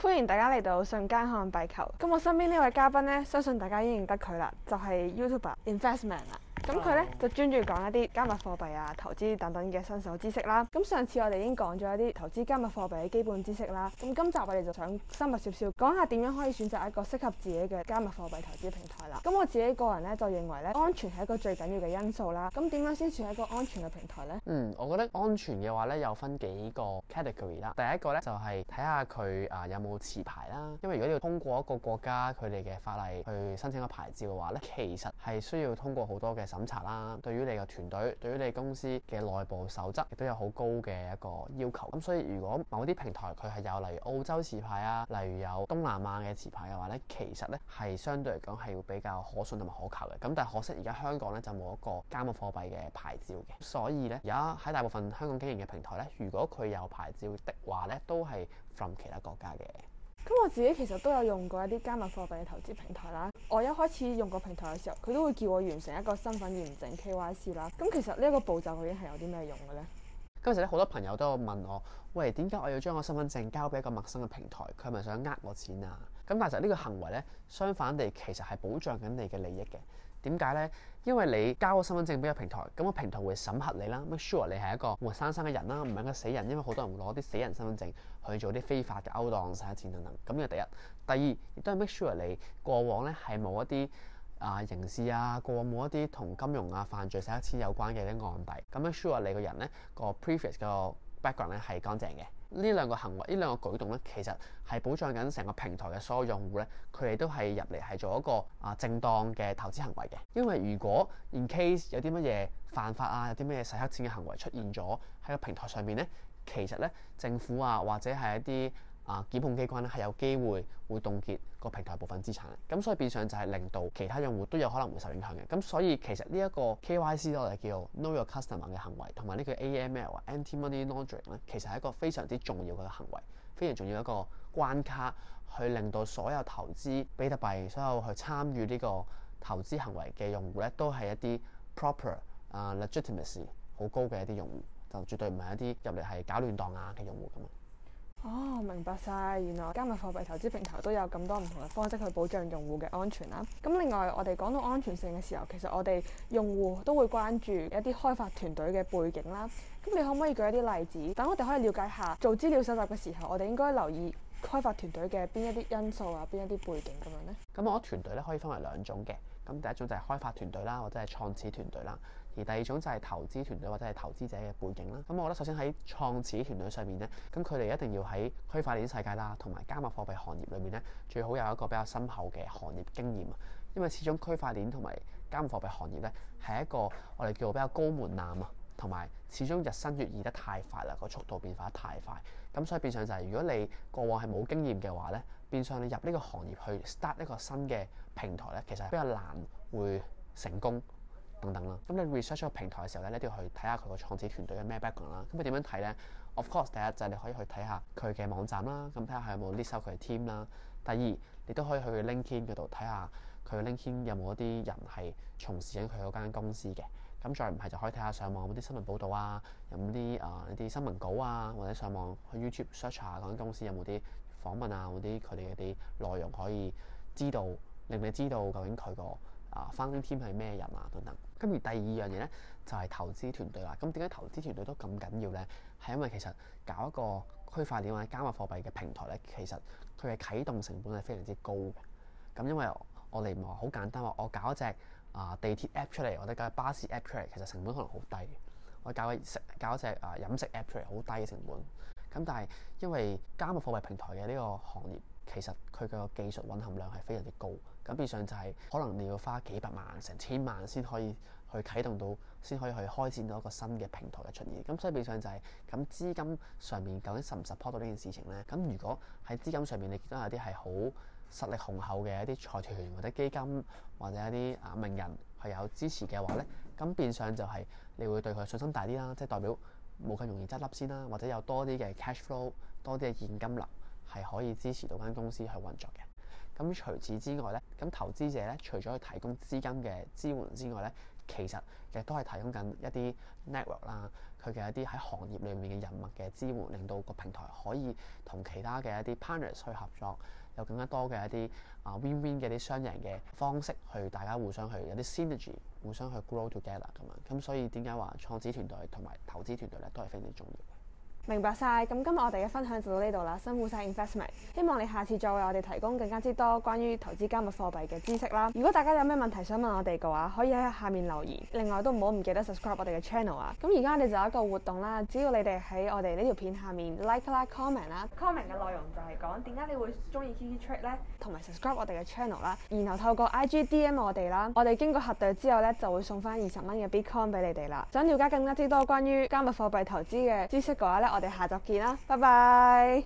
歡迎大家嚟到瞬間看大球，咁我身邊呢位嘉賓呢，相信大家已經認得佢啦，就係 YouTuber Investment 啦。咁佢咧就專注講一啲加密貨幣啊、投資等等嘅新手知識啦。咁上次我哋已經講咗一啲投資加密貨幣嘅基本知識啦。咁今集我哋就想深入少少，講下點樣可以選擇一個適合自己嘅加密貨幣投資平台啦。咁我自己個人咧就認為咧，安全係一個最緊要嘅因素啦。咁點樣先算係一個安全嘅平台呢？嗯，我覺得安全嘅話咧，有分幾個 category 啦。第一個咧就係睇下佢啊有冇持牌啦。因為如果你要通過一個國家佢哋嘅法例去申請個牌照嘅話咧，其實係需要通過好多嘅審。檢查啦，對於你嘅團隊，對於你公司嘅內部守則，亦都有好高嘅一個要求。咁所以，如果某啲平台佢係有，例如澳洲持牌啊，例如有東南亞嘅持牌嘅話呢，其實呢係相對嚟講係會比較可信同埋可靠嘅。咁但係可惜而家香港呢就冇一個加密貨幣嘅牌照嘅，所以呢，而家喺大部分香港經營嘅平台呢，如果佢有牌照的話呢，都係 from 其他國家嘅。咁我自己其實都有用過一啲加密貨幣嘅投資平台啦。我一開始用個平台嘅時候，佢都會叫我完成一個身份驗證 KYC 啦。咁其實呢一個步驟究竟係有啲咩用嘅呢？今時咧好多朋友都有問我，喂，點解我要將我身份證交俾一個陌生嘅平台？佢係咪想呃我錢啊？咁但係就呢個行為呢，相反地其實係保障緊你嘅利益嘅。點解咧？因為你交個身份證俾個平台，咁個平台會審核你啦，make sure 你係一個活生生嘅人啦，唔係一個死人，因為好多人會攞啲死人身份證去做啲非法嘅勾當，洗錢等等。咁係第一。第二亦都係 make sure 你過往咧係冇一啲啊、呃、刑事啊，過往冇一啲同金融啊犯罪洗黑錢有關嘅啲案底，咁 make sure 你個人咧個 previous 個 background 咧係乾淨嘅。呢兩個行為，呢兩個舉動咧，其實係保障緊成個平台嘅所有用戶咧，佢哋都係入嚟係做一個啊正當嘅投資行為嘅。因為如果 in case 有啲乜嘢犯法啊，有啲咩洗黑錢嘅行為出現咗喺個平台上面呢，其實咧，政府啊，或者係一啲。啊，檢控機關咧係有機會會凍結個平台部分資產，咁所以變相就係令到其他用戶都有可能會受影響嘅。咁所以其實呢一個 KYC 我哋叫做 Know Your Customer 嘅行為，同埋呢個 AML Anti Money Laundering 咧，其實係一個非常之重要嘅行為，非常重要一個關卡，去令到所有投資比特幣、所有去參與呢個投資行為嘅用戶咧，都係一啲 proper 啊、uh, legitimacy 好高嘅一啲用戶，就絕對唔係一啲入嚟係搞亂檔啊嘅用戶咁啊。哦，明白晒。原來加密貨幣投資平台都有咁多唔同嘅方式去保障用戶嘅安全啦。咁另外，我哋講到安全性嘅時候，其實我哋用戶都會關注一啲開發團隊嘅背景啦。咁你可唔可以舉一啲例子，等我哋可以了解下做資料搜集嘅時候，我哋應該留意開發團隊嘅邊一啲因素啊，邊一啲背景咁樣呢？咁我嘅團隊咧可以分為兩種嘅。咁第一種就係開發團隊啦，或者係創始團隊啦，而第二種就係投資團隊或者係投資者嘅背景啦。咁我覺得首先喺創始團隊上面咧，咁佢哋一定要喺區塊鏈世界啦，同埋加密貨幣行業裏面咧，最好有一個比較深厚嘅行業經驗啊。因為始終區塊鏈同埋加密貨幣行業咧，係一個我哋叫做比較高門檻啊，同埋始終日新月異得太快啦，個速度變化得太快。咁所以變相就係如果你過往係冇經驗嘅話咧，變相你入呢個行業去 start 一個新嘅平台咧，其實比較難會成功等等啦。咁你 research 咗個平台嘅時候咧，你都要去睇下佢個創始團隊嘅咩 background 啦。咁你點樣睇咧？Of course，第一就係你可以去睇下佢嘅網站啦，咁睇下佢有冇 list 佢嘅 team 啦。第二，你都可以去 LinkedIn 嗰度睇下佢 LinkedIn 有冇一啲人係從事緊佢嗰間公司嘅。咁再唔係就可以睇下上網嗰啲新聞報導啊，有冇啲啊一啲新聞稿啊，或者上網去 YouTube search 下嗰間公司有冇啲。訪問啊，嗰啲佢哋嗰啲內容可以知道，令你知道究竟佢個啊翻天係咩人啊等等。咁而第二樣嘢咧就係、是、投資團隊啦。咁點解投資團隊都咁緊要咧？係因為其實搞一個區塊鏈或者加密貨幣嘅平台咧，其實佢嘅啟動成本係非常之高嘅。咁、啊、因為我哋唔係話好簡單喎，我搞一隻啊地鐵 app 出嚟，我哋搞巴士 app 出嚟，其實成本可能好低。我搞嘅食，搞一隻啊飲食 app 出嚟，好低嘅成本。咁但係因為加密貨幣平台嘅呢個行業，其實佢嘅技術蘊含量係非常之高，咁變相就係可能你要花幾百萬、成千萬先可以去啟動到，先可以去開展到一個新嘅平台嘅出現。咁所以變相就係、是、咁資金上面究竟 support 唔 support 到呢件事情呢？咁如果喺資金上面你見到有啲係好實力雄厚嘅一啲財團或者基金或者一啲啊名人係有支持嘅話呢，咁變相就係你會對佢信心大啲啦，即係代表。冇咁容易執笠先啦，或者有多啲嘅 cash flow，多啲嘅現金流係可以支持到間公司去運作嘅。咁除此之外咧，咁投資者咧除咗去提供資金嘅支援之外咧，其實亦都係提供緊一啲 network 啦，佢嘅一啲喺行業裏面嘅人脈嘅支援，令到個平台可以同其他嘅一啲 partners 去合作，有更加多嘅一啲啊 win-win 嘅啲雙贏嘅方式去大家互相去有啲 synergy。互相去 grow together 咁樣，咁所以點解話創始團隊同埋投資團隊咧都係非常之重要嘅。明白晒，咁今日我哋嘅分享就到呢度啦。辛苦晒 investment，希望你下次再為我哋提供更加之多關於投資加密貨幣嘅知識啦。如果大家有咩問題想問我哋嘅話，可以喺下面留言。另外都唔好唔記得 subscribe 我哋嘅 channel 啊。咁而家我哋就有一個活動啦，只要你哋喺我哋呢條片下面 like 啦、comment 啦，comment 嘅內容就係講點解你會中意 Kiki Trick 咧，同埋 subscribe 我哋嘅 channel 啦。然後透過 I G D M 我哋啦，我哋經過核對之後咧，就會送翻二十蚊嘅 Bitcoin 俾你哋啦。想了解更加之多關於加密貨幣投資嘅知識嘅話咧。我哋下集見啦，拜拜。